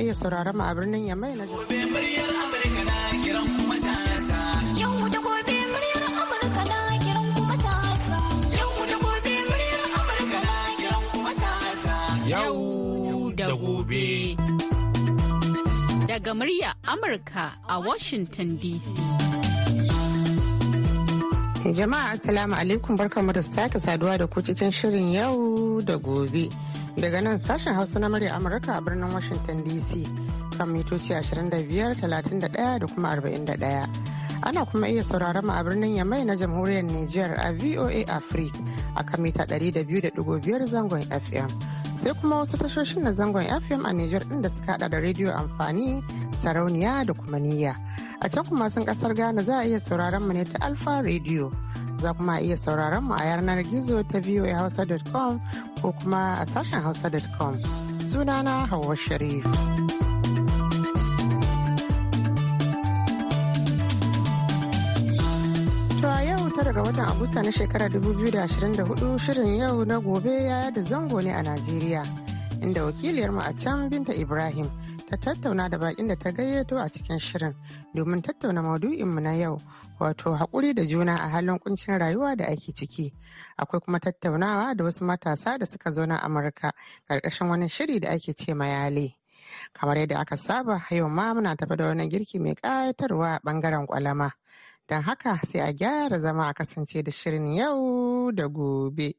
iya sauraron mu a birnin Yamai na Yau Daga murya Amurka a Washington DC. Jama'a Assalamu alaikum barkamu da sake saduwa da ku cikin shirin yau da gobe. Daga nan sashen Hausa na murya Amurka a birnin Washington DC kan mitoci 25, 31 da kuma 41. Ana kuma iya sauraron mu a birnin Yamai na Jamhuriyar Nijar a VOA Africa a kan mita 200.5 zangon FM. Sai kuma wasu tashoshin na zangon FM a Nijar ɗin da suka hada da rediyo amfani, sarauniya da kuma niyya. A can kuma sun kasar Ghana za a iya sauraron mu ne ta Alfa Radio. Za kuma iya sauraron mu a yanar gizo ta voahausa.com ko kuma a sashen hausa.com. Sunana Hauwa Sharif. daga watan Agusta na shekarar 2024 shirin yau na gobe ya da zango ne a Najeriya. Inda wakiliyar mu a can Binta Ibrahim ta tattauna da bakin da ta gayyato a cikin shirin domin tattauna maudu'inmu na yau wato haƙuri da juna a halin kuncin rayuwa da ake ciki. Akwai kuma tattaunawa da wasu matasa da suka zo na Amurka ƙarƙashin wani shiri da ake ce mayale. Kamar yadda aka saba, yau ma muna tafi da wani girki mai ƙayatarwa a ɓangaren ƙwalama. Don haka sai a gyara zama a kasance da shirin yau da gobe.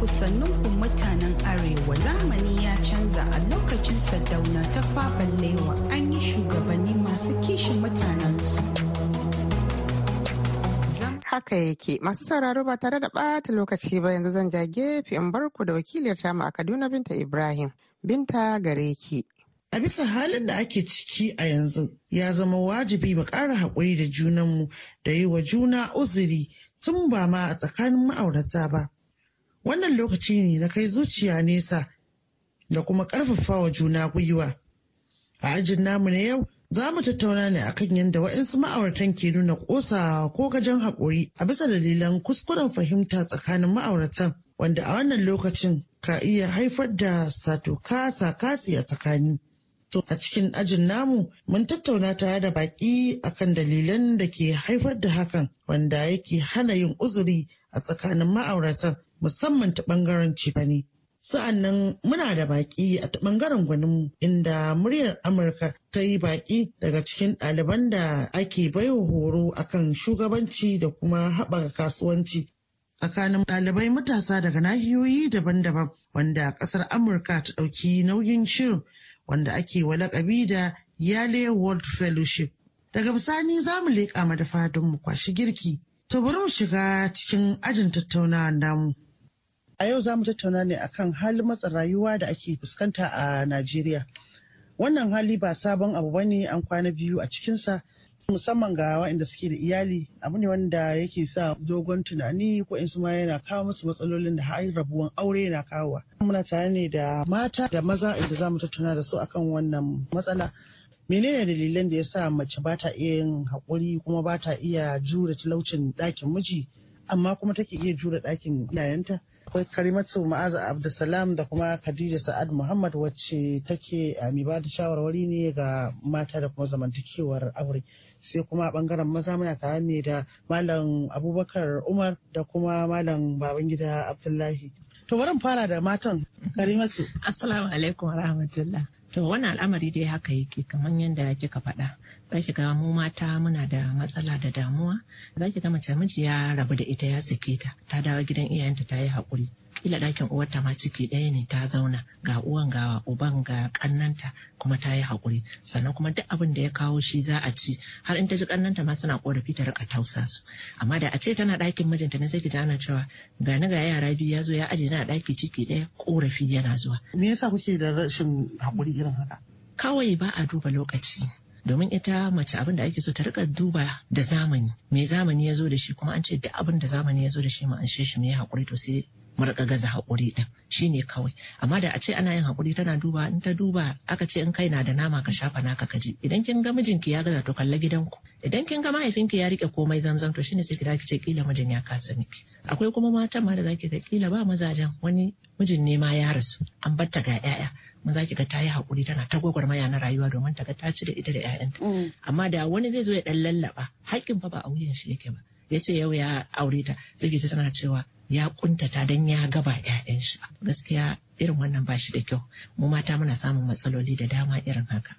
ku mutanen arewa zamani ya canza a lokacin sadauna ta lewa an yi shugabanni masu kishin mutanensu. Haka yake masu sauraro ba tare da ɓata lokaci ba yanzu zan ja gefe in barku da wakiliyar tamu a Kaduna Binta Ibrahim. Binta gare ki. A bisa halin da ake ciki a yanzu ya zama wajibi mu ƙara haƙuri da junanmu da yi wa juna uzuri tun ba ma a tsakanin ma'aurata ba. Wannan lokaci ne na kai zuciya nesa da kuma ƙarfafawa juna gwiwa. A ajin namu na yau za mu tattauna ne akan yadda waɗansu ma'auratan ke nuna ƙosa ko gajen haƙuri a bisa dalilan kuskuren fahimta tsakanin ma'auratan wanda a wannan lokacin ka iya haifar da kasa kasi a tsakani. To a cikin ajin namu mun tattauna tare da baƙi akan dalilan da ke haifar da hakan wanda yake hana yin uzuri a tsakanin ma'auratan musamman ta bangaren cefane. sa'annan muna da baƙi a ta bangaren gwaninmu inda muryar Amurka ta yi baƙi daga cikin ɗaliban da ake baiwa horo akan shugabanci da kuma haɓaka kasuwanci tsakanin ɗalibai matasa daga nahiyoyi daban-daban wanda ƙasar Amurka ta ɗauki nauyin shirin wanda ake wa lakabi da Yale World Fellowship. Daga bisani za mu leƙa madafa don mu kwashi girki. To bari mu shiga cikin ajin tattaunawa namu. A yau za mu tattauna ne akan halin matsa rayuwa da ake fuskanta a Najeriya. Wannan hali ba sabon abu bane an kwana biyu a cikinsa musamman ga waɗanda suke da iyali abu ne wanda yake sa dogon tunani ko in ma yana kawo musu matsalolin da har rabuwan aure yana kawowa. Muna tare ne da mata da maza inda za mu tattauna da su akan wannan matsala. menene dalilan da ya sa mace ba ta iya yin haƙuri kuma ba ta iya jure talaucin ɗakin miji amma kuma take iya jure ɗakin iyayenta akwai karimatu ma'aza abdulsalam da kuma khadija sa'ad muhammad wacce take eh, mai ba da shawarwari ne ga mata da kuma zamantakewar aure sai kuma a bangaren maza muna tare ne da malam abubakar umar da kuma malam babangida abdullahi to bari fara da matan karimatu assalamu alaikum rahmatullah To wani al'amari dai haka yake kamar yadda kika faɗa. Za ki ga mu mata muna da matsala da damuwa. Za ki ga mace miji ya rabu da ita ya sake ta. Ta dawo gidan iyayenta ta yi haƙuri. kila ɗakin uwarta ma ciki ɗaya ne ta zauna ga uwan ga uban ga ƙannanta kuma ta yi haƙuri sannan kuma duk abin da ya kawo shi za a ci har in ta ji ƙannanta ma suna ƙorafi ta rika tausa su amma da a ce tana ɗakin mijinta na sai ki ana cewa ga ni ga yara biyu ya zo ya aje na ɗaki ciki ɗaya ƙorafi yana zuwa. me yasa kuke da rashin haƙuri irin haka. kawai ba a duba lokaci domin ita mace abin da ake so ta rika duba da zamani me zamani ya zo da shi kuma an ce duk abin da zamani ya zo da shi ma an shi mai hakuri to sai mu gaza haƙuri ɗin ne kawai amma da a ce ana yin haƙuri tana duba in ta duba aka ce in kai na da nama ka shafa naka ka ji idan kin ga mijinki ya gaza to kalla gidanku idan kin ga mahaifinki ya rike komai zamzam to shine sai ki dace kila mijin ya kasa miki akwai kuma matan ma da zaki ga kila ba mazajen wani mijin ne ma ya rasu an batta ga 'ya'ya mun zaki ga ta yi haƙuri tana ta gwagwarmaya na rayuwa domin ta ga ta cire ita da 'ya'yanta. Mm. Amma da wani zai zo ya ɗan lallaɓa haƙƙin fa ba a wuyan shi yake ba. ya ce yau ya aure ta sai ce tana cewa ya kuntata dan ya gaba 'ya'yan shi gaskiya irin wannan ba shi da kyau mu mata muna samun matsaloli da dama irin haka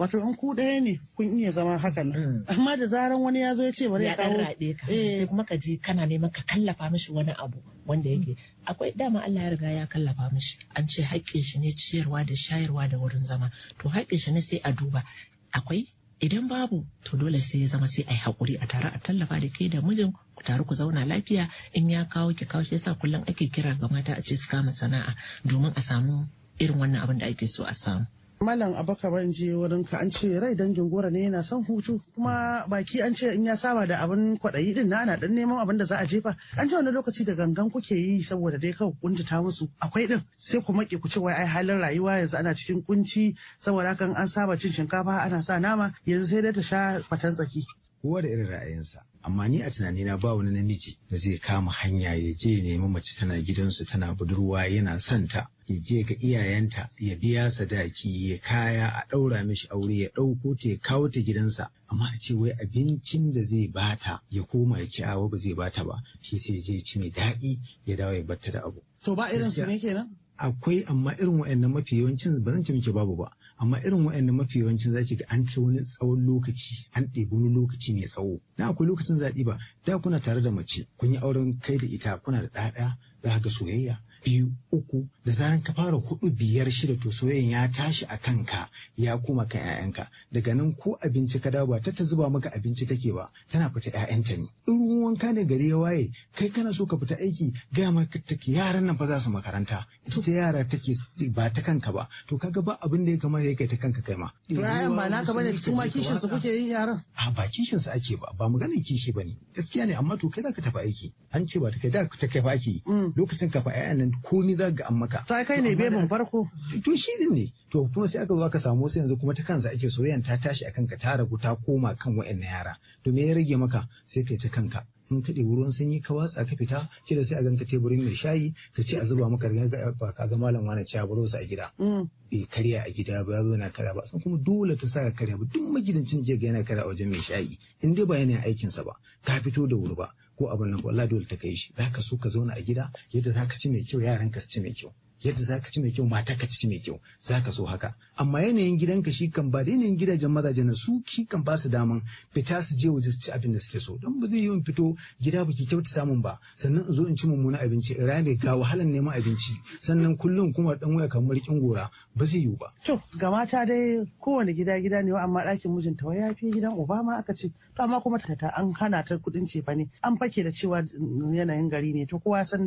wato in ku ɗaya ne kun iya zama hakan nan mm. amma da zaran wani ya zo ya ce bari ya kawo ɗan ka eh. sai kuma ka je kana neman ka kallafa mishi wani abu wanda yake akwai dama Allah ya riga ya kallafa mishi an ce haƙƙin shi ne ciyarwa da shayarwa da wurin zama to haƙƙin shi ne sai a duba akwai idan babu to dole sai ya zama sai a yi haƙuri a tare a tallafa da kai da mijin ku tare ku zauna lafiya in ya kawo ki kawo shi yasa kullum ake kira ga mata a ce su kama sana'a domin a samu irin wannan abin da ake so a samu. Malam ban je wurin ka an ce rai dangin gora ne yana son hutu kuma baki an ce in ya saba da abin kwaɗayi din na ana dan neman abin da za a jefa an ce wani lokaci da gangan kuke yi saboda dai kawai kuntata musu akwai din sai ku maƙe ku ce wai ai halin rayuwa yanzu ana cikin kunci saboda hakan an saba cin shinkafa ana sa nama yanzu sai dai ta sha fatan tsaki. Kowa da irin ra'ayinsa. amma ni a na ba wani namiji da zai kama hanya ya je ya nemi mace tana gidansu tana budurwa yana santa ya je ga iyayenta ya biya sadaki ya kaya a ɗaura mishi aure ya ɗauko ta ya kawo ta gidansa amma a ce wai abincin da zai bata ya koma ya ci awa ba zai bata ba shi sai je ci mai daɗi ya dawo ya batta da abu. To ba irin su ne kenan? Akwai amma irin wa'annan mafi yawancin ba zan ci miki babu ba. amma irin waɗanda mafi yawancin za ga an kai wani tsawon lokaci an ɗebi wani lokaci mai tsawo na akwai lokacin zaɓi ba da kuna tare da mace kun yi auren kai da ita kuna da ɗaya za ga soyayya biyu uku da zaran ka fara hudu biyar shida to soyayyen ya tashi a kanka ya kuma ka ƴaƴanka daga nan ko abinci ka dawo ba ta ta zuba maka abinci take ba tana fita ƴaƴanta ne in ruwan wanka ne gari ya waye kai kana so ka fita aiki ga ma take yaran nan fa za su makaranta ita ta yara take ba ta kanka ba to kaga ba abin da ya kamar ya kai ta kanka kai ma to ƴaƴan ba naka bane su ma kishin su kuke yin yaran a ba kishin su ake ba ba maganar kishi bane gaskiya ne amma to kai ka tafi aiki an ce ba ta kai da ta kai aiki mm. lokacin ka fa ƴaƴan nan komi za ga amma maka ta kai ne mun farko to shi din ne to kuma sai aka zo aka samu wasu yanzu kuma ta kansa ake soyayyan ta tashi akan ka ta ragu ta koma kan wa'annan yara to me ya rage maka sai kai ta kanka in ka ɗebi ruwan sanyi ka watsa ka fita kida sai a ganka teburin mai shayi ka ce a zuba maka riga ba ka ga malam wani ce a baro a gida mm. bai karya a gida ba zo na karya ba sun kuma dole ta sa ka karya ba duk magidancin jirgin yana karya a wajen mai shayi in dai ba yana aikin sa ba ka fito da wuri ba ko abin nan Allah dole ta kai shi ka so ka zauna a gida yadda zaka ci mai kyau yaran ka su ci mai kyau yadda zaka ci mai kyau mata ka ci mai kyau zaka so haka amma yanayin gidanka shi kan ba da yanayin gidajen mazaje na su ki kan ba su daman fita su je waje su ci abin da suke so don ba zai yi fito gida ba ki kyautata min ba sannan in zo in ci mummunan abinci in rame ga wahalan neman abinci sannan kullum kuma dan waya kamar kin gora ba zai yiwu ba to ga mata dai kowane gida gida ne amma ɗakin mijinta wai ya fi gidan Obama aka ce to amma kuma ta ta an hana ta kuɗin cefane ne an fake da cewa yanayin gari ne to kowa san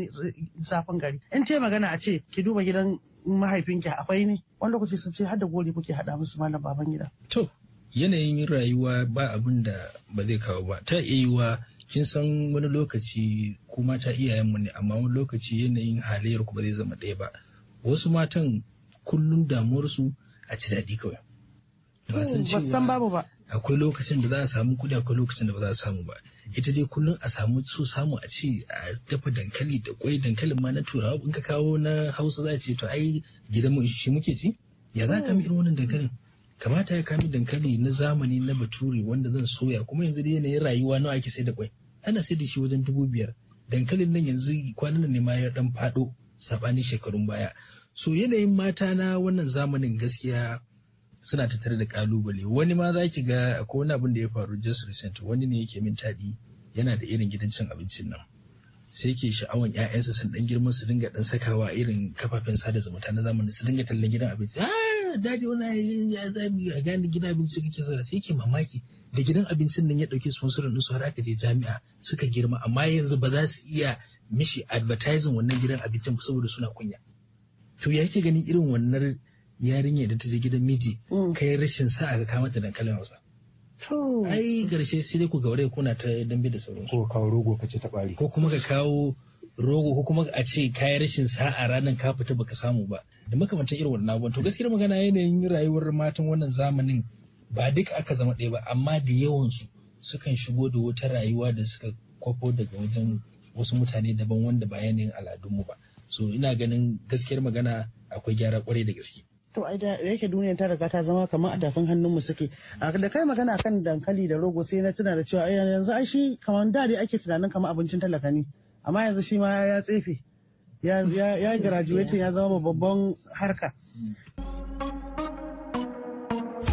zafin gari in ce magana a ce ki duba gidan mahaifinki akwai ne wani lokaci sun ce har da gori kuke haɗa musu malam baban gida. To yanayin rayuwa ba abin da ba zai kawo ba ta iya kin san wani lokaci ku mata iyayenmu ne amma wani lokaci yanayin halayyar ku ba zai zama ɗaya ba wasu matan kullum damuwarsu a ci daɗi kawai. Ba san babu ba. akwai lokacin da za a samu kuɗi akwai lokacin da ba za a samu ba ita dai kullum a samu su samu a ci a dafa dankali da kwai dankalin ma na turawa in ka kawo na hausa za a ce to ai gidan mu shi muke ci ya za ka mi wannan dankalin kamata ya kami dankali na zamani na bature wanda zan soya kuma yanzu dai yanayin rayuwa nawa ake sai da kwai ana sai da shi wajen dubu biyar dankalin nan yanzu kwanan nan ne ma ya dan fado sabanin shekarun baya so yanayin mata na wannan zamanin gaskiya suna tattare da kalubale wani ma za ki ga ko wani abin da ya faru just recent wani ne yake min taɗi yana da irin gidan cin abincin nan sai ke sha'awan ƴaƴansa sun dan girma su dinga dan sakawa irin kafafen sada zumunta na zamani su dinga tallan gidan abinci ah daji wani ya zabi a gani gidan abinci kake sara sai ke mamaki da gidan abincin nan ya dauke sponsorin din su har aka je jami'a suka girma amma yanzu ba za su iya mishi advertising wannan gidan abincin saboda suna kunya to ya yake ganin irin wannan yarinya da ta je gidan miji mm. kai rashin sa'a ga ta dankalin hausa ai garshe sai dai ku gaure kuna ta dambe da sauransu ko kawo rogo ka ce ta bari ko kuma ka kawo rogo ko kuma a ce kayan rashin sa'a ranar ka fita baka samu ba da makamantan irin wannan abubuwan to gaskiyar magana yanayin rayuwar matan wannan zamanin ba duka aka zama ɗaya ba amma da yawan su sukan shigo da wata rayuwa da suka kwafo daga wajen wasu mutane daban wanda ba yanayin al'adunmu ba so ina ganin gaskiyar magana akwai gyara kwarai da gaske to ai da yake duniya ta riga ta zama kamar a tafin mu suke da kai magana kan dankali da rogo sai na tuna da cewa yanzu ai shi kamar da dai ake tunanin kamar abincin talaka ne amma yanzu shi ma ya tsefe ya graduate ya zama babban harka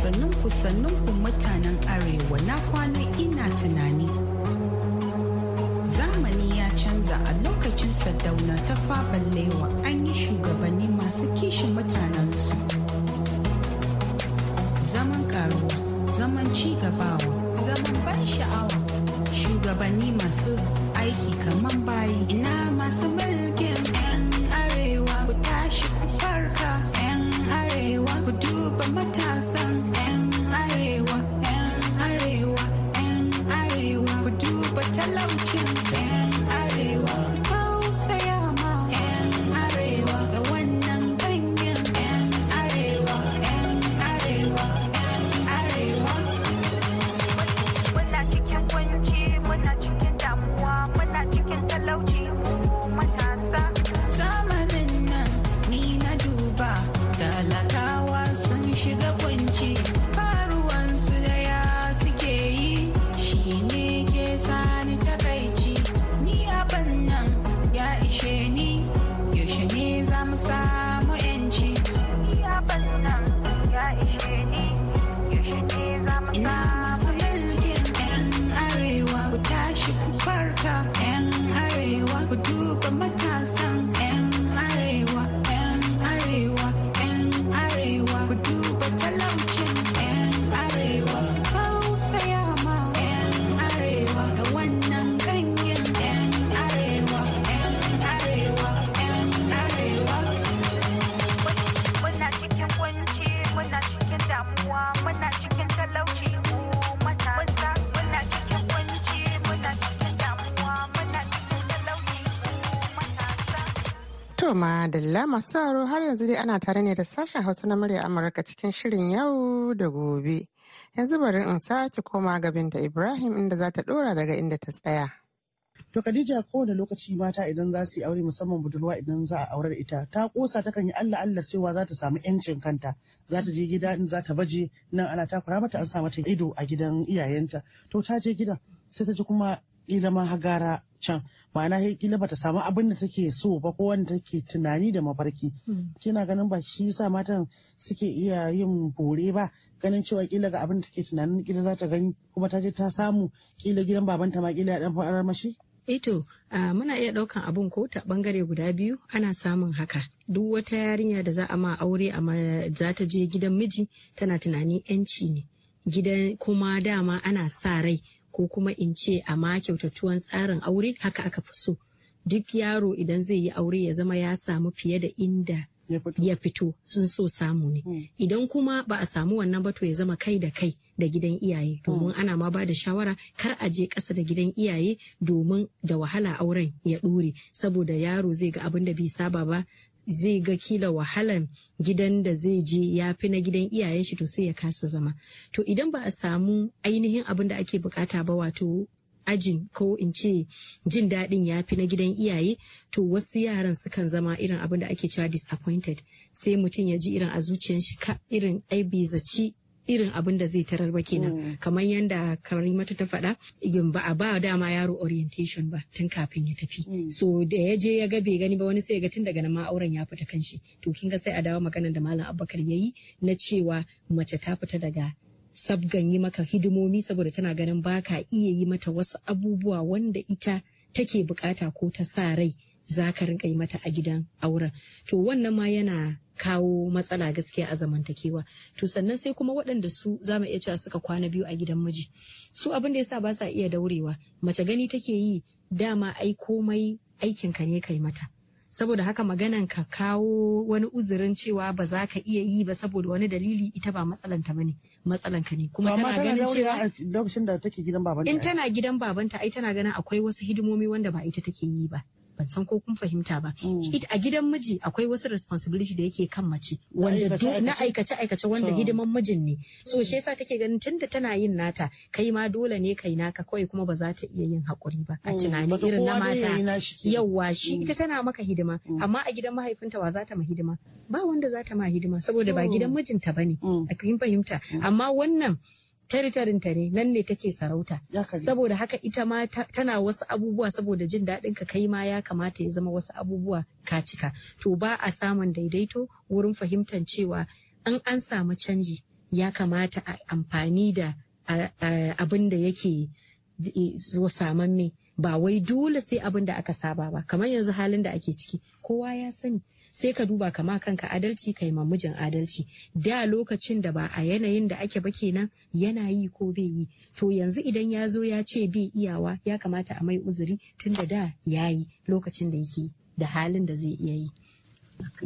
sannan ku sannan ku mutanen arewa na kwana ina tunani a lokacin sadauna ta faballewa an yi shugabanni masu kishin mutanensu. Zaman karuwa, zaman cigabawa, zaman ban sha'awa, shugabanni masu aiki kamar bayi. Ina masu mulkin 'yan arewa, ku tashi ku farka 'yan arewa, ku duba matasa. To ma dalla masu har yanzu dai ana tare ne da sashen Hausa na murya Amurka cikin shirin yau da gobe. Yanzu bari in sake koma gabin da Ibrahim inda za ta dora daga inda ta tsaya. To Khadija kowane lokaci mata idan za su yi aure musamman budurwa idan za a aurar ita ta kosa ta kan yi Allah Allah cewa za ta samu yancin kanta za ta je gida in za ta baje nan ana takura mata an sa mata ido a gidan iyayenta to ta je gida sai ta ji kuma ila ma hagara can ma'ana ya kila bata samu abin da take so ba ko wanda take tunani da mafarki hmm. kina ganin ba shi yasa matan suke iya yin bore ba ganin cewa kila ga abin da take tunanin kila za ta gani kuma ta je ta samu kila gidan babanta ma kila dan farar mashi Eto, eh uh, muna iya ɗaukan abun ko ta ɓangare guda biyu ana samun haka. Duk wata yarinya da za a ma aure amma za ta je gidan miji tana tunani 'yanci ne. Gidan kuma dama ana sa rai ko kuma in ce a ma kyautatuwan tsarin aure haka aka fi so duk yaro idan zai yi aure ya zama ya samu fiye da inda ya fito sun so samu ne hmm. idan kuma ba a samu wannan bato ya zama kai da kai da gidan iyaye hmm. domin ana ma ba da shawara kar a je ƙasa da gidan iyaye domin da wahala auren ya ɗore saboda yaro zai ga abin da bai saba ba zai ga kila wahalan gidan da zai je ya fi na gidan iyayen shi to sai ya kasa zama to idan ba a samu ainihin abin da ake bukata ba wato ajin ko in ce jin daɗin ya fi na gidan iyaye to wasu yaran sukan zama irin abin da ake cewa disappointed sai mutum ya ji irin a zuciyar shi ka irin ai bai zaci irin abin da zai tarar ba kenan mm. kamar yadda karimatu ta faɗa ba a ba dama yaro orientation ba tun kafin ya tafi mm. so da ya je ya ga bai gani ba wani sai ga tun daga nan ma auren ya fita kanshi to kin ga sai a dawo magana da malam abubakar yi na cewa mace ta fita daga sabgan yi maka hidimomi saboda tana ganin baka iya yi mata wasu abubuwa wanda ita take bukata ko ta sa rai za ka rinka yi mata a gidan auren to wannan ma yana kawo matsala gaskiya a zamantakewa to sannan sai kuma waɗanda su za mu iya cewa suka kwana biyu a gidan miji su abin da ya sa ba sa iya daurewa mace gani take yi dama ai komai aikinka ne kai mata saboda haka maganan ka kawo wani uzurin cewa ba za ka iya yi ba saboda wani dalili ita ba matsalanta bane matsalanka ne kuma tana ganin cewa lokacin da take gidan babanta in tana gidan babanta ai tana ganin akwai wasu hidimomi wanda ba ita take yi ba ban san ko kun fahimta ba mm. a gidan miji akwai wasu responsibility da yake kan mace wanda na aikace aikace wanda hidiman mijin ne so shi yasa take ganin tunda tana yin nata kai ma dole ne kai naka kawai kuma ba za ta iya yin hakuri ba a mm, tunani irin na mata yawwa shi mm. ita tana maka hidima amma a gidan mahaifinta wa za ta ma hidima ba wanda za ta ma hidima saboda ba gidan mijinta ne. a fahimta amma wannan teritorin ta ne nan ne take sarauta saboda haka ita ma tana wasu abubuwa saboda jin daɗin ka kai ma ya kamata ya zama wasu abubuwa ka cika to ba a samun daidaito wurin fahimtar cewa in an samu canji ya kamata a amfani da abin da yake e, samamme ba wai dole sai abin da aka saba ba kamar yanzu halin da ake ciki kowa ya sani sai ka duba kama kanka adalci kai ma mijin adalci da lokacin da ba a yanayin da ake ba kenan yana yi ko bai yi to yanzu idan ya zo ya ce bai iyawa ya kamata a mai uzuri tun da da ya yi lokacin da yake da halin da zai iya yi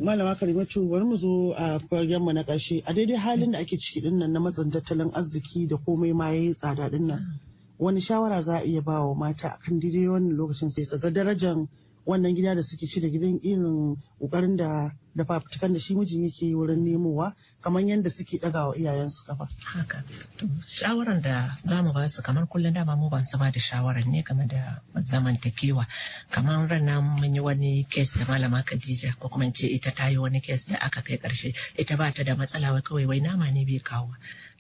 malama karimatu bari mu zo a fagen mu na ƙarshe a daidai halin da ake ciki dinnan na matsin tattalin arziki da komai ma yayi tsada dinnan wani shawara za a iya ba wa mata akan daidai wannan lokacin sai su darajar wannan gida da suke ci da gidan irin kokarin da da fafutukan da shi mijin yake wurin nemowa kamar yadda suke daga wa iyayen su kafa. Haka. To shawaran da za mu ba su kamar kullum dama mu ban saba da shawaran ne game da zamantakewa. Kamar rana mun yi wani kes da malama Khadija ko kuma ce ita ta yi wani kes da aka kai karshe ita ba ta da matsala wai kawai wai nama ne bai kawo.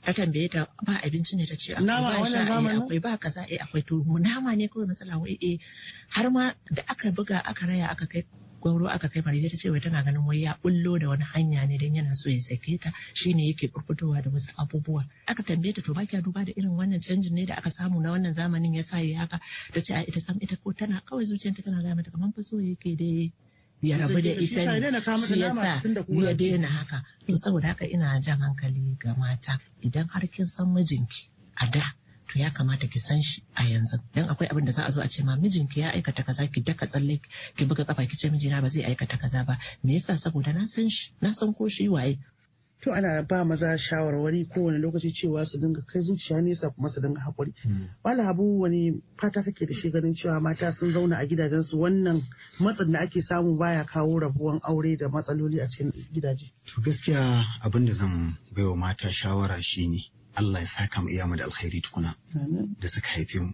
ta tambaye ta ba abinci ne ta ce akwai ba kaza eh akwai to nama ne kawai matsala wai eh har ma da aka buga aka raya aka kai gwauro aka kai mariya ta ce wai tana ganin wai ya bullo da wani hanya ne don yana so ya sake ta shine yake burkutowa da wasu abubuwa aka tambaye ta to ba kya duba da irin wannan canjin ne da aka samu na wannan zamanin ya sa ya haka ta ce a ita sam ita ko tana kawai zuciyarta tana gaya mata kamar fa so yake dai ya rabu da ita ne shi ya sa ya daina haka to saboda haka ina jan hankali ga mata idan har kin san mijinki a da to ya kamata ki san shi a yanzu dan akwai abin da za a zo a ce ma mijinki ya aikata kaza ki daka tsalle ki buga kafa ki ce mijina ba zai aikata kaza ba me yasa saboda na san shi na san ko shi waye to ana ba maza shawarwari kowane lokaci cewa su dinga kai zuciya nesa kuma su dinga hakuri. wala hmm. abu wani fata kake da shi ganin cewa mata sun zauna a gidajen su wannan matsin da ake samu baya kawo rabuwan aure da matsaloli a cikin gidaje to gaskiya abin da zan baiwa mata shawara shine Allah ya saka mu iya mu da alkhairi tukuna da suka haife mu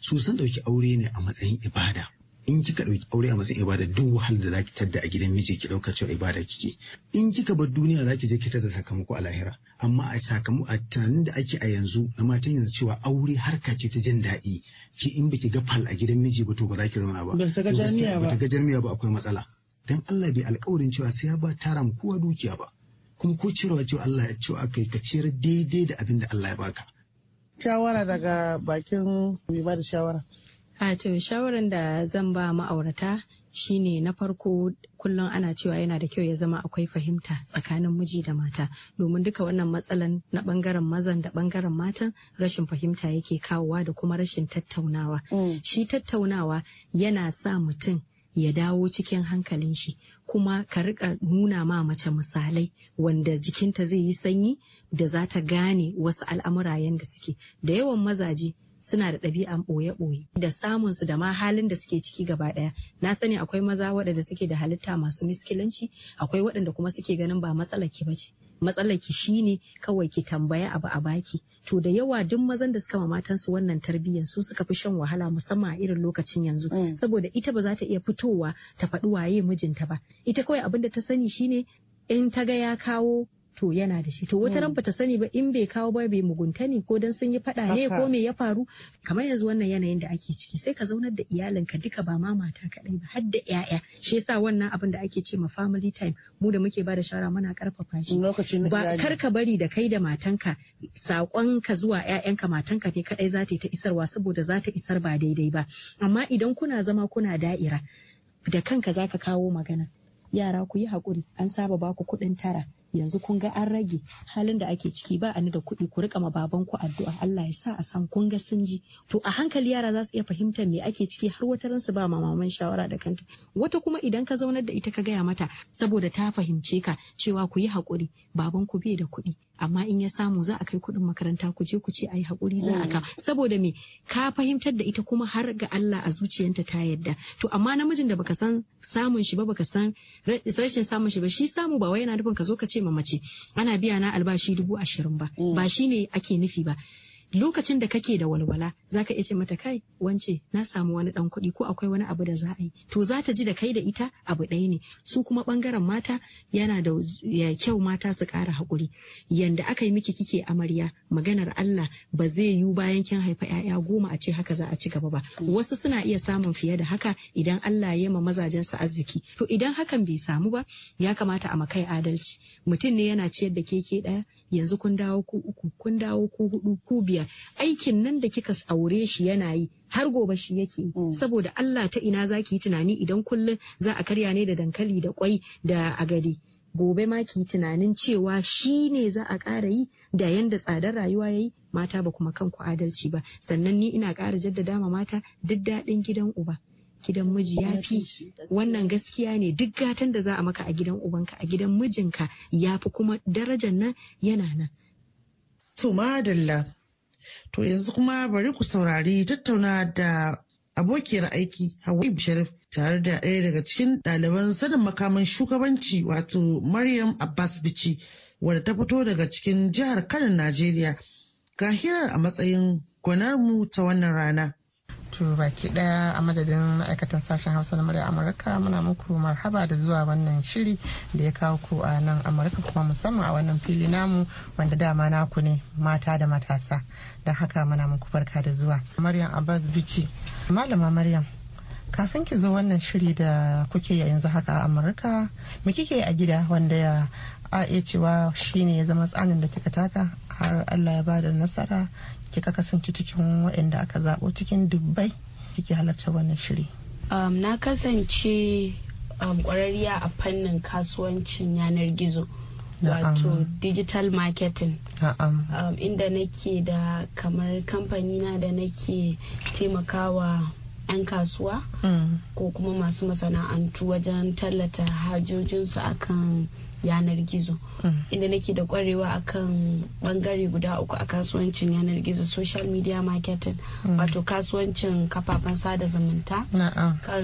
su sun dauki aure ne a matsayin ibada in kika ɗauki aure a matsayin ibada duk wahal da zaki tadda a gidan miji ki ɗauka cewa ibada kike in kika bar duniya zaki je ki tadda sakamako a lahira amma a sakamako a tunanin da ake a yanzu na matan yanzu cewa aure harka ce ta jin daɗi ki in biki ga fal a gidan miji ba to ba za ki zauna ba ba ta miya ba akwai matsala dan Allah bai alƙawarin cewa sai ya ba tara mu kowa dukiya ba kuma ko cewa cewa Allah ya cewa kai ka ciyar daidai da abin da Allah ya baka shawara daga bakin mai ba da shawara A to shawaran da zan ba ma'aurata shine na farko kullum ana cewa yana da kyau ya zama akwai fahimta tsakanin miji da mata domin duka wannan matsalan na bangaren mazan da bangaren matan rashin fahimta yake kawowa da kuma rashin tattaunawa mm. shi tattaunawa yana sa mutum ya dawo cikin hankalin shi kuma ka rika nuna ma mace misalai wanda jikinta zai yi sanyi da za ta gane wasu al'amura yadda suke da yawan mazaje suna da ɗabi'an ɓoye-ɓoye da samun su da ma halin da suke ciki gaba ɗaya na sani akwai maza waɗanda suke da halitta masu miskilanci akwai waɗanda kuma suke ganin ba matsalaki ba bace Matsalaki shine kawai ki tambaya abu a baki to da yawa duk mazan da suka ma matan su wannan tarbiyyar su suka fi shan wahala musamman a irin lokacin yanzu mm. saboda ita ba za ta iya fitowa ta faɗi waye mijinta ba ita kawai abin da ta sani shine in ta ga ya kawo to yana da shi to wata ran mm. bata sani ba in bai kawo ba bai mugunta ne ko dan sun yi fada ne ko me ya faru kamar yanzu wannan yanayin da ake ciki sai ka zaunar da iyalin ka duka ba ma mata kadai ba har da yaya shi yasa wannan abin da ake ce ma family time mu da muke ba da shawara muna karfafa shi ba kar ka bari da kai da matanka sakon ka zuwa 'ya'yanka matanka ne kadai za ta yi ta isarwa saboda za ta isar ba daidai ba amma idan kuna zama kuna da'ira da kanka zaka kawo magana yara ku yi hakuri an saba baku ku kuɗin tara yanzu kun ga an rage halin da ake ciki ba ni da kuɗi ku rika ma baban ku addu'a Allah ya sa a san kun ga sun ji to a hankali yara za su iya fahimtar me ake ciki har wata ran su ba ma maman shawara da kanta wata kuma idan ka zaunar da ita ka gaya mata saboda ta fahimce ka cewa ku yi haƙuri baban ku bai da kuɗi amma in ya samu za a kai kuɗin makaranta ku je ku ce ai haƙuri za a mm. ka saboda me ka fahimtar da ita kuma har ga Allah a zuciyanta ta yadda to amma namijin da baka san samun shi ba baka san rashin samun shi ba shi samu ba wai yana nufin ka zo ka ce ma mace ana biya na albashi dubu ashirin ba mm. ba shi ne ake nufi ba lokacin da kake da walwala zaka iya ce mata kai wance na samu wani dan kuɗi ko akwai wani abu da za a yi to za ta ji da kai da ita abu ɗaya ne su kuma bangaren mata yana da ya kyau mata su ƙara haƙuri yanda aka yi miki kike amarya maganar Allah ba zai yiwu bayan kin haifa ƴaƴa goma a ce haka za a ci gaba ba wasu suna iya samun fiye da haka idan Allah ya ma mazajen su arziki to idan hakan bai samu ba ya kamata a makai adalci mutum ne yana ciyar da keke ɗaya yanzu kun dawo ku uku kun dawo ku hudu ku biyar aikin nan da kika aure shi yana yi har gobe shi yake mm. saboda Allah ta ina zaki yi tunani idan kullum za a karya ne da dankali da kwai da agadi gobe ma ki tunanin cewa shi ne za a ƙara yi da yanda tsadar rayuwa ya yi mata ba kuma kanku adalci ba sannan ni ina ƙara jaddada ma mata duk daɗin gidan uba gidan miji ya fi wannan gaskiya ne duk gatan da za a maka a gidan ubanka a gidan mijinka ya fi kuma darajar nan yana nan. To madalla To yanzu kuma bari ku saurari tattauna da abokiyar aiki Hawwa Sharif tare da ɗaya daga cikin ɗaliban sanin makaman shugabanci wato Maryam Abbas Bichi wadda ta fito daga cikin jihar Kano Najeriya. Ga hirar a matsayin gwanarmu ta wannan rana. To baki daya a madadin ma'aikatan sashen Hausa na murya Amurka muna muku marhaba da zuwa wannan shiri da ya kawo ku a nan Amurka kuma musamman a wannan fili namu wanda dama naku ne mata da matasa don haka muna muku barka da zuwa. Maryam Abbas Bici. Malama Maryam kafin ki zo wannan shiri da kuke yanzu haka a Amurka me kike a gida wanda ya a iya cewa shine ya zama tsanin da kika taka har allah ya bada nasara kika kasance cikin waɗanda aka zaɓo cikin dubbai kike halarta wannan shiri um, na kasance um, ƙwararriya a fannin kasuwancin yanar gizo wato digital marketing um, inda nake da kamar kamfanina da nake taimakawa 'yan kasuwa mm. ko kuma masu masana'antu wajen tallata hajojinsu akan yanar gizo mm. inda nake da kwarewa akan bangare guda uku a kasuwancin yanar gizo social media marketing mm. wato kasuwancin kafafen sada zumunta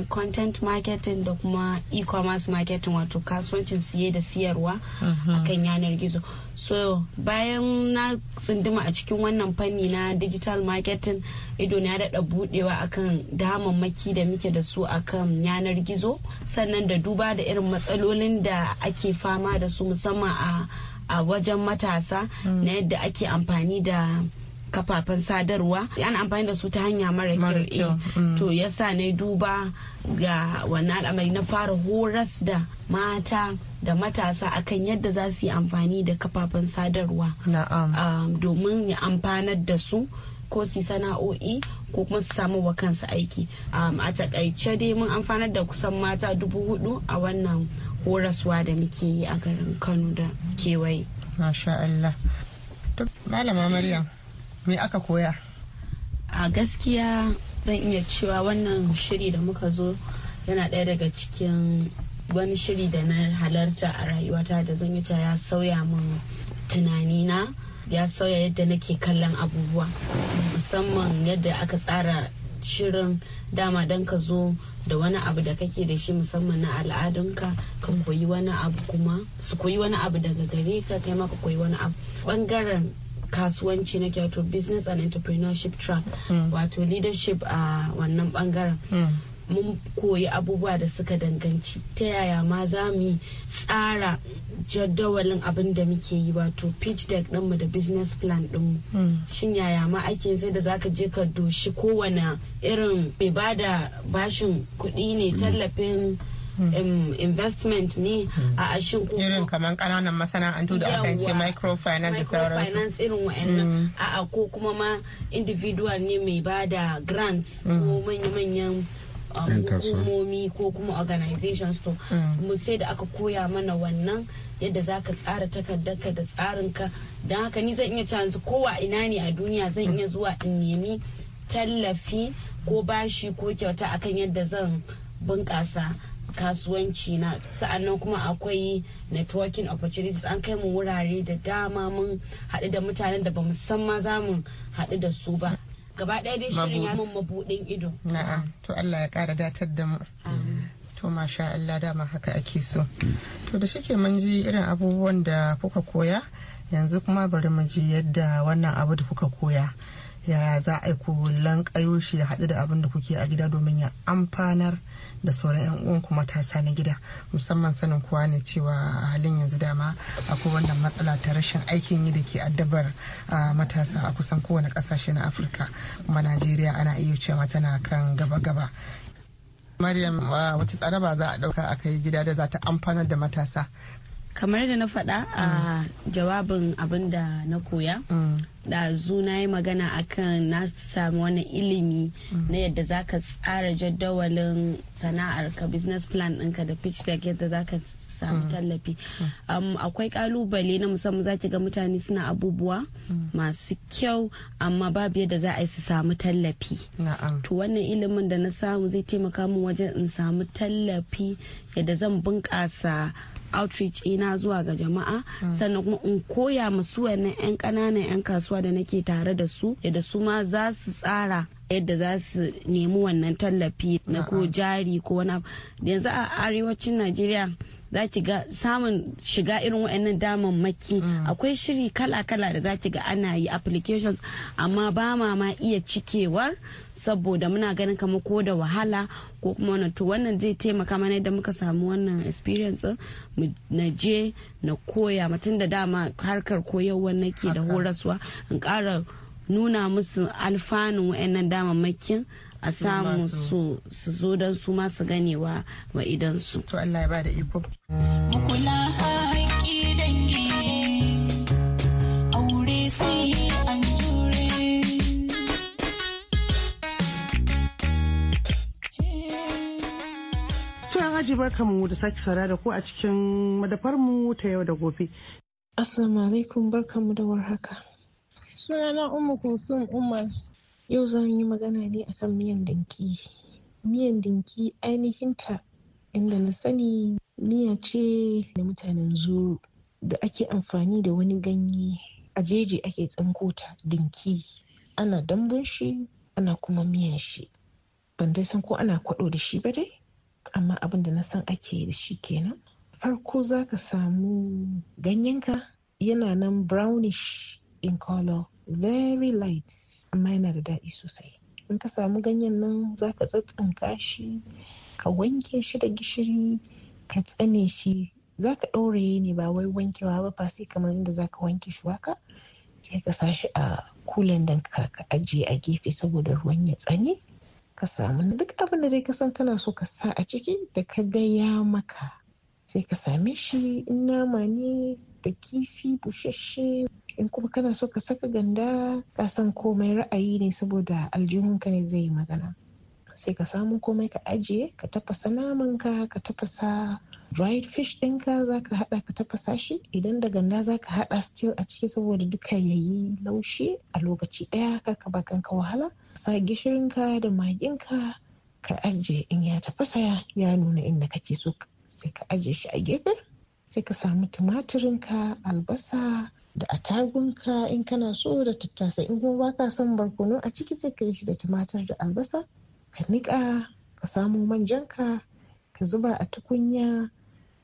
content marketing da kuma e-commerce marketing wato kasuwancin siye da siyarwa mm-hmm. akan yanar gizo so bayan na tsunduma a cikin wannan fanni na digital marketing ido na daɗa budewa akan damammaki da muke da su akan yanar gizo sannan da duba da irin matsalolin da ake fama da su musamman a wajen matasa mm. na yadda ake amfani da kafafen sadarwa ana amfani da su ta hanya mara kyau eh. mm. to yasa na duba ga wannan al'amari na fara horas da mata da matasa akan yadda za su yi amfani da kafafen sadarwa domin ya amfanar da su ko su sana'o'i ko kuma su samu wa kansu aiki a takaice dai mun amfanar da kusan mata dubu hudu a wannan horaswa da muke yi a garin kano da kewaye Masha Malama Maryam. me aka koya a gaskiya zan iya cewa wannan shiri da muka zo yana ɗaya daga cikin wani shiri da na halarta a rayuwata da zan yi ya sauya min tunanina ya sauya yadda nake kallon abubuwa musamman yadda aka tsara shirin dama don ka zo da wani abu da kake da shi musamman na al'adunka ka koyi wani abu kuma su koyi wani abu daga gare ka kai maka koyi wani abu bangaren kasuwanci na wato business and entrepreneurship track hmm. wato leadership a wannan bangaren hmm. mun koyi abubuwa da suka danganci ta yaya ma za mu yi tsara jadawalin abin da muke yi wato pitch deck ɗinmu da business plan ɗinmu hmm. shin yaya ma ake sai da zaka je ka doshi kowane irin bai bada bashin kuɗi ne tallafin investment ne hmm. a ashin kuma irin kamar kananan masana'antu da aka ce microfinance da sauransu microfinance irin wa'annan hmm. a ko kuma ma individual ne mai bada grants ko hmm. manya-manyan um, hukumomi ko kuma organizations to mu sai da aka koya mana wannan yadda za ka tsara takardarka da tsarinka don haka ni zan iya canza kowa ina ne a duniya zan iya zuwa in nemi tallafi ko bashi ko kyauta akan yadda zan bunƙasa kasuwanci na sa'annan kuma akwai networking opportunities an kai mu wurare da dama mun haɗu da mutanen da bamu san ma za mu haɗu da su ba gaba ɗaya dai shirin ya mun mabuɗin ido na'a to Allah ya ƙara datar da mu to masha Allah dama haka ake so to da shike mun ji irin abubuwan da kuka koya yanzu kuma bari mu ji yadda wannan abu da kuka koya yaya za a yi ku lankayo shi ya haɗu da abin da kuke a gida domin ya amfanar da sauran 'yan uwan uwanku matasa na gida musamman sanin kuwa ne cewa a halin yanzu dama akwai wannan matsala ta rashin aikin yi da ke addabar matasa a kusan kowane ƙasashe na afirka kuma najeriya ana iya cewa tana kan gaba-gaba maryam wata tsaraba za a ɗauka a kai gida da za ta amfanar da matasa kamar da na faɗa a mm. jawabin abin da na koya mm. zu na yi magana akan na sami wani ilimi na mhm. yadda za ka tsara jadawalin sana'arka business plan ɗinka da pitch deck yadda za ka samu mhm. tallafi mhm. akwai kalubale na musamman za ga mutane suna abubuwa masu kyau amma babu yadda za a yi su samu tallafi to wannan ilimin da na samu zai taimaka min wajen in samu tallafi yadda zan bunƙasa outreach ina zuwa ga jama'a mm. sannan kuma in koya masu wannan 'yan kananan 'yan kasuwa da nake tare da su yadda su ma za su tsara yadda za su nemi wannan tallafi na ko jari ko wani yanzu a arewacin najeriya za ki ga samun shiga irin wa'annan maki mm. akwai shiri kala-kala da za ki ga ana yi applications amma ba ma ma iya cikewar saboda muna ganin kamar ko da wahala ko kuma wannan to wannan zai taimaka mana yadda muka samu wannan experience na je na koya mutum da dama harkar koyarwa nake da horaswa in ƙara nuna musu alfanun wa'annan makin a samu su su zo don su masu ganewa wa idan su. To Allah ya bada iko. Mukula haƙi dangi aure sai an jure. Turan barka mu da sake sara da ku a cikin madafarmu ta yau da gobe. Assalamu alaikum barkamu da warhaka. Sunana Umma Kusum Umar. Yau za mu yi magana ne akan miyan dinki. Miyan dinki ainihin ta inda na sani miya ce da mutanen zuru da ake amfani da wani ganye a jeji ake tsinko ta dinki. Ana dambun shi ana kuma miyan shi. Ban dai san ko ana kwaɗo da shi ba dai, amma abin da na san ake da shi kenan. Farko za ka samu ganyenka yana nan brownish in color, very light amma yana da daɗi sosai in ka samu ganyen nan za ka tsatsinka shi ka wanke shi da gishiri ka tsane shi za ka ɗauraye ne ba wai wankewa ba ba sai kamar inda za ka wanke shi waka sai ka sa shi a kulan da ka ajiye a gefe saboda ruwan ya tsane ka samu duk abin da dai ka san kana so ka sa a ciki da ka gaya maka sai ka same shi in nama ne da kifi bushashe in kuma kana so ka saka ganda ka san komai ra'ayi ne saboda aljihunka ne zai yi magana sai ka samu komai ka ajiye ka tafasa namanka ka tafasa dried fish ɗinka za ka haɗa ka tafasa shi idan da ganda za ka haɗa still a ciki saboda duka ya yi laushi a lokaci ɗaya kar ka ba kanka wahala sa gishirinka da maginka ka ajiye in ya tafasa ya nuna inda kake so sai ka ajiye shi a gefe sai ka samu tumaturinka, albasa da atagunka in kana so da tattasa, in kuma baka son barkono a ciki sai ka yi shi da tumatir da albasa ka niƙa ka samu manjanka ka zuba a tukunya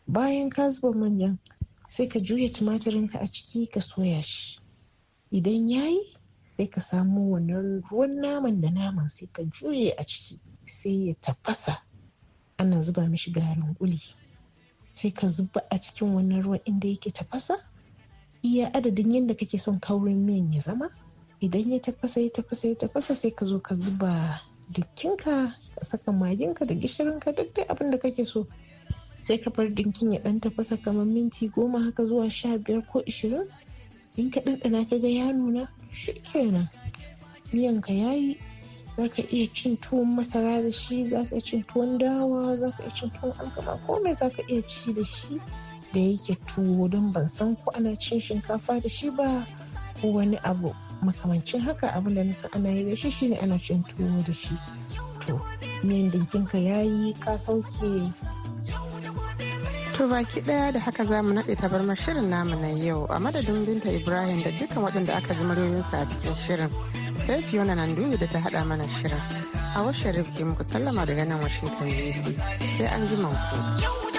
bayan ka zuba manjan sai ka juya tumatirinka a ciki ka soya shi idan yayi sai ka samu wannan ruwan naman da naman sai ka juye a ciki sai ya tafasa ana zuba mishi garin kuli sai ka zuba a cikin wannan ruwan inda yake tafasa iya adadin yadda kake son kaurin miyan ya zama idan ya tafasa ya tafasa ya tafasa sai ka zo ka zuba dukkinka ka saka maginka da gishirinka duk dai abin da kake so sai ka bar dinkin ya dan tafasa kamar minti goma haka zuwa sha biyar ko ishirin in ka ɗanɗana ka ga ya nuna shi kenan miyanka ya yi za ka iya cin tuwon masara da shi za ka iya cin tuwon dawa za ka iya cin tuwon alkama komai za ka iya ci da shi da yake tuwo don ban san ko ana cin shinkafa da shi ba ko wani abu makamancin haka abin da nasa ana yi da shi shine ana cin tuwo da shi to miyan dinkinka ya yi ka sauke To baki daya da haka za mu naɗe tabarmar shirin namu na yau a madadin binta Ibrahim da dukkan waɗanda aka ji muryoyinsa a cikin shirin. sai fiona nan da ta hada mana shirin a washe rifki muku sallama daga nan washington dc sai an ji ku.